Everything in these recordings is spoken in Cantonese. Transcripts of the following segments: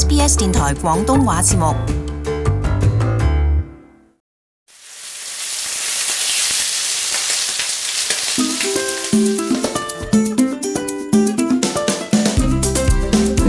SBS 電台廣東話節目，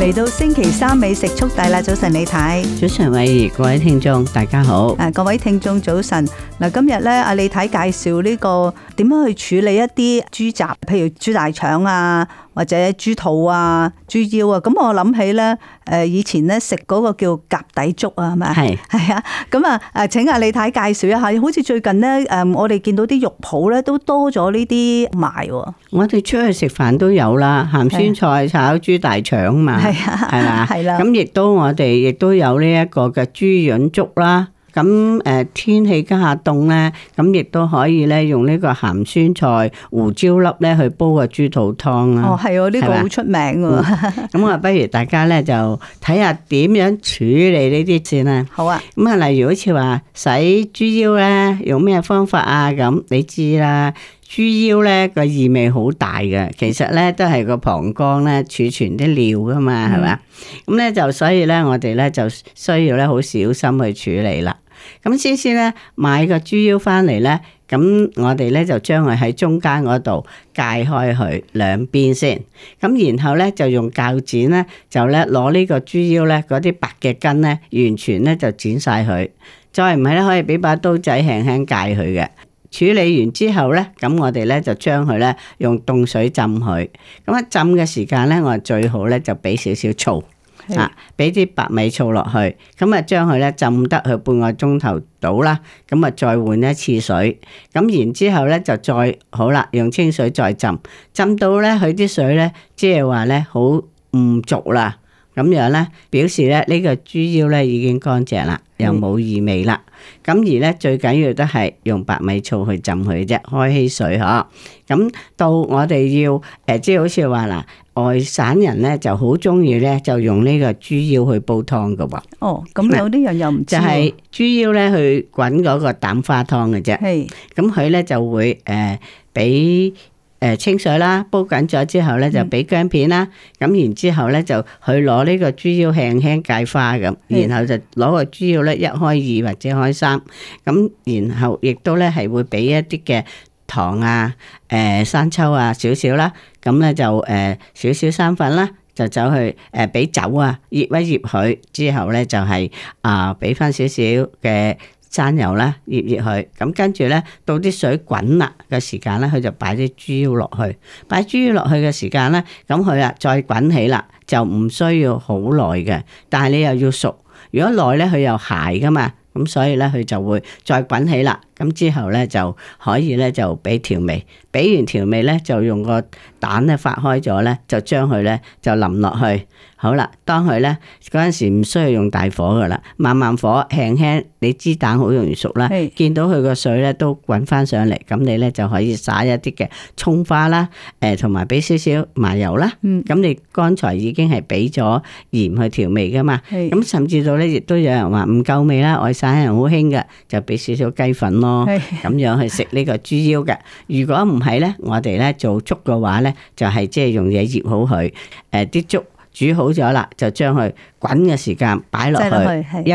嚟到星期三美食速遞啦！早晨，李太，早晨，偉兒，各位聽眾大家好。誒、啊，各位聽眾早晨。嗱，今日咧，阿李太介紹呢、呢個點樣去處理一啲豬雜，譬如豬大腸啊。或者豬肚啊、豬腰啊，咁、嗯、我諗起咧，誒以前咧食嗰個叫及第粥啊，係咪？係係啊，咁啊誒請阿李太介紹一下，好似最近咧誒我哋見到啲肉鋪咧都多咗呢啲賣喎。我哋出去食飯都有啦，鹹酸菜炒豬大腸嘛，係啊。係啦，咁亦都我哋亦都有呢一個嘅豬潤粥啦。咁誒天氣家下凍咧，咁亦都可以咧用呢個鹹酸菜胡椒粒咧去煲個豬肚湯啊！哦，係喎，呢個好出名嘅。咁啊，不如大家咧就睇下點樣處理呢啲先啊！好啊！咁啊，例如好似話洗豬腰咧，用咩方法啊？咁你知啦。豬腰咧，個異味好大嘅。其實咧都係個膀胱咧儲存啲尿噶嘛，係咪？咁咧就所以咧我哋咧就需要咧好小心去處理啦。咁先先咧買個豬腰翻嚟咧，咁我哋咧就將佢喺中間嗰度解開佢兩邊先。咁然後咧就用鉸剪咧就咧攞呢個豬腰咧嗰啲白嘅筋咧完全咧就剪晒佢。再唔係咧可以俾把刀仔輕輕解佢嘅。處理完之後呢，咁我哋呢就將佢呢用凍水浸佢，咁啊浸嘅時間呢，我最好呢就俾少少醋是啊，俾啲白米醋落去，咁啊將佢呢浸得佢半個鐘頭到啦，咁啊再換一次水，咁然之後呢就再好啦，用清水再浸，浸到呢佢啲水呢，即係話呢好唔濁啦。咁樣咧，表示咧呢個豬腰咧已經乾淨啦，又冇異味啦。咁、嗯、而咧最緊要都係用白米醋去浸佢啫，開稀水嗬。咁、啊、到我哋要誒、呃，即係好似話嗱，外省人咧就好中意咧，就用呢個豬腰去煲湯嘅喎、啊。哦，咁有啲人又唔知、啊、就係豬腰咧去滾嗰個蛋花湯嘅啫。係是，咁佢咧就會誒俾。呃誒清水啦，煲緊咗之後咧就俾薑片啦，咁然之後咧就去攞呢個豬腰輕輕介花咁，然後就攞個豬腰咧、嗯、一開二或者開三，咁然後亦都咧係會俾一啲嘅糖啊、誒、呃、生抽啊少少啦，咁、嗯、咧就誒少少生粉啦，就走去誒俾酒啊，醃一醃佢之後咧就係、是、啊俾翻少少嘅。沾油啦，熱熱佢，咁跟住咧到啲水滾啦嘅時間咧，佢就擺啲豬腰落去，擺豬腰落去嘅時間咧，咁佢啊再滾起啦，就唔需要好耐嘅，但係你又要熟，如果耐咧佢又鞋㗎嘛，咁所以咧佢就會再滾起啦。咁之後咧就可以咧就俾調味，俾完調味咧就用個蛋咧發開咗咧，就將佢咧就淋落去。好啦，當佢咧嗰陣時唔需要用大火噶啦，慢慢火輕輕。你知蛋好容易熟啦，是見到佢個水咧都滾翻上嚟，咁你咧就可以撒一啲嘅蔥花啦，誒同埋俾少少麻油啦。咁、嗯、你剛才已經係俾咗鹽去調味噶嘛，咁是甚至到咧亦都有人話唔夠味啦，外省人好興嘅就俾少少雞粉咯。咁是樣去食呢個豬腰嘅，如果唔係呢，我哋呢做粥嘅話呢，就係即係用嘢醃好佢，誒，啲粥煮好咗啦，就將佢滾嘅時間擺落去，一。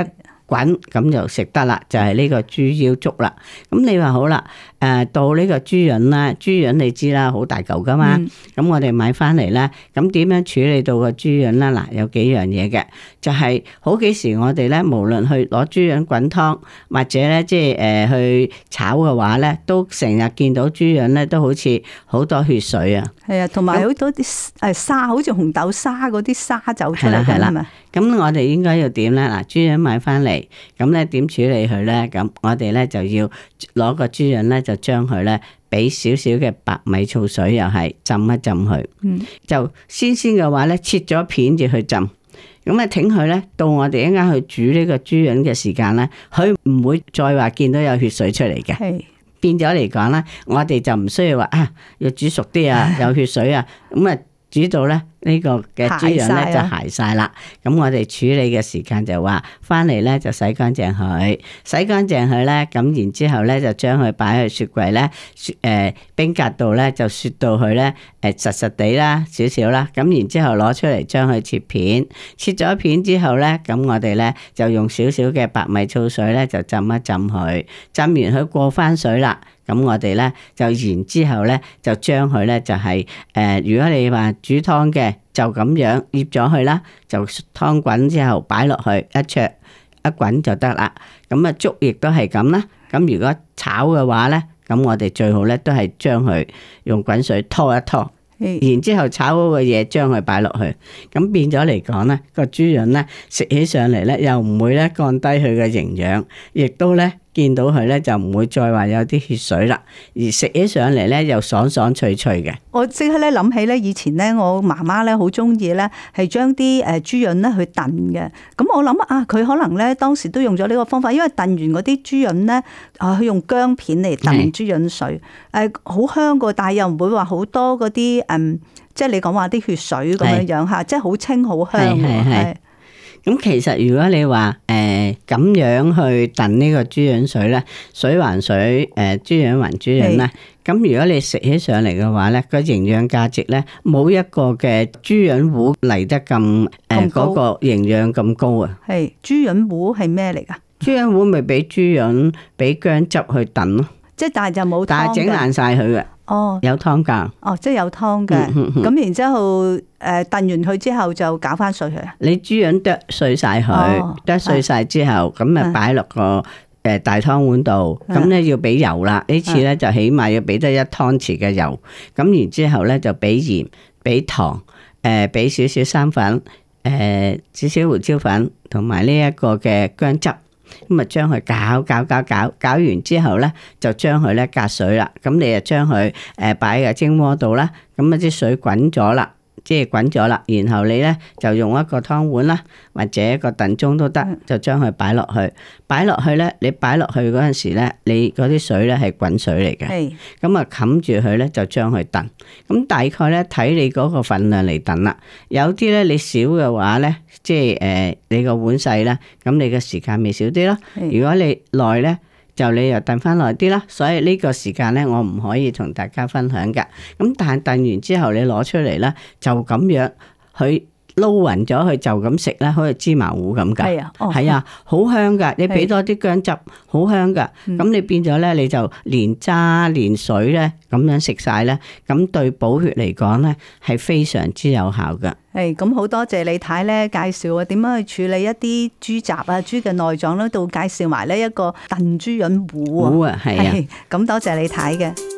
滾咁就食得啦，就係、是、呢個豬腰粥啦。咁你話好啦，誒到呢個豬膶啦，豬膶你知啦，好大嚿噶嘛。咁、嗯、我哋買翻嚟咧，咁點樣處理到個豬膶啦？嗱，有幾樣嘢嘅，就係、是、好幾時我哋咧，無論去攞豬膶滾湯，或者咧即係誒去炒嘅話咧，都成日見到豬膶咧都好似好多血水啊。係啊，同埋好多啲誒沙，好似紅豆沙嗰啲沙走出嚟咁啊。咁、啊啊、我哋應該要點咧？嗱、啊，豬膶買翻嚟。咁咧點處理佢咧？咁我哋咧就要攞個豬潤咧，就將佢咧俾少少嘅白米醋水又係浸一浸佢，嗯、就鮮鮮嘅話咧切咗片至去浸。咁啊，挺佢咧，到我哋一陣去煮呢個豬潤嘅時間咧，佢唔會再話見到有血水出嚟嘅。是變咗嚟講咧，我哋就唔需要話啊要煮熟啲啊有血水啊咁啊。 煮到咧呢個嘅豬潤咧就鞋晒啦，咁、啊、我哋處理嘅時間就話翻嚟咧就洗乾淨佢，洗乾淨佢咧，咁然之後咧就將佢擺去雪櫃咧，誒冰格度咧就雪到佢咧，誒實實地啦少少啦，咁然之後攞出嚟將佢切片，切咗片之後咧，咁我哋咧就用少少嘅白米醋水咧就浸一浸佢，浸完佢過翻水啦。咁我哋咧就然之後咧就將佢咧就係、是、誒、呃，如果你話煮湯嘅就咁樣醃咗佢啦，就湯滾之後擺落去一灼一滾就得啦。咁啊，粥亦都係咁啦。咁如果炒嘅話咧，咁我哋最好咧都係將佢用滾水拖一拖，然之後炒嗰個嘢將佢擺落去。咁變咗嚟講咧，個豬潤咧食起上嚟咧又唔會咧降低佢嘅營養，亦都咧。見到佢咧就唔會再話有啲血水啦，而食起上嚟咧又爽爽脆脆嘅。我即刻咧諗起咧以前咧我媽媽咧好中意咧係將啲誒豬潤咧去燉嘅。咁我諗啊，佢可能咧當時都用咗呢個方法，因為燉完嗰啲豬潤咧啊，佢用薑片嚟燉豬潤水，誒好是香噶，但係又唔會話好多嗰啲嗯，即係你講話啲血水咁樣樣吓，是即係好清好香。是是咁其實如果你話誒咁樣去燉呢個豬潤水咧，水還水誒，豬、呃、潤還豬潤啦。咁是如果你食起上嚟嘅話咧，個營養價值咧冇一個嘅豬潤壺嚟得咁誒嗰個營養咁高啊。係豬潤壺係咩嚟噶？豬潤壺咪俾豬潤俾薑汁去燉咯。即係 但係就冇但係整爛晒佢嘅。哦，有湯噶，哦，即係有湯嘅，咁、嗯、然之後，誒、啊，燉完佢之後就攪翻碎佢。你豬潤剁碎晒佢，剁碎晒之後，咁啊擺落個誒大湯碗度，咁咧要俾油啦。呢次咧就起碼要俾得一湯匙嘅油，咁然之後咧就俾鹽、俾糖、誒、呃、俾少少生粉、誒、呃、少少胡椒粉，同埋呢一個嘅薑汁。咁啊，將佢攪攪攪攪，攪完之後呢，就將佢呢隔水啦。咁你就將佢誒擺喺蒸鍋度啦。咁啊，啲水滾咗啦。即係滾咗啦，然後你咧就用一個湯碗啦，或者一個燉盅都得，就將佢擺落去。擺落去咧，你擺落去嗰陣時咧，你嗰啲水咧係滾水嚟嘅，係、咁啊冚住佢咧就將佢燉。咁、嗯、大概咧睇你嗰個份量嚟燉啦。有啲咧你少嘅話咧，即係誒、呃、你個碗細咧，咁你嘅時間咪少啲咯。如果你耐咧，就你又掟翻耐啲啦，所以呢個時間咧，我唔可以同大家分享㗎。咁但係掟完之後，你攞出嚟咧，就咁樣去。撈勻咗佢就咁食啦，好似芝麻糊咁噶，係啊，係啊，好香噶。你俾多啲薑汁，好香噶。咁你變咗咧，你就連渣連水咧咁樣食晒咧，咁對補血嚟講咧係非常之有效噶。係，咁好多謝李太咧介紹啊，點樣去處理一啲豬雜啊、豬嘅內臟咧，都介紹埋咧一個燉豬潤糊啊，係啊。咁多謝李太嘅。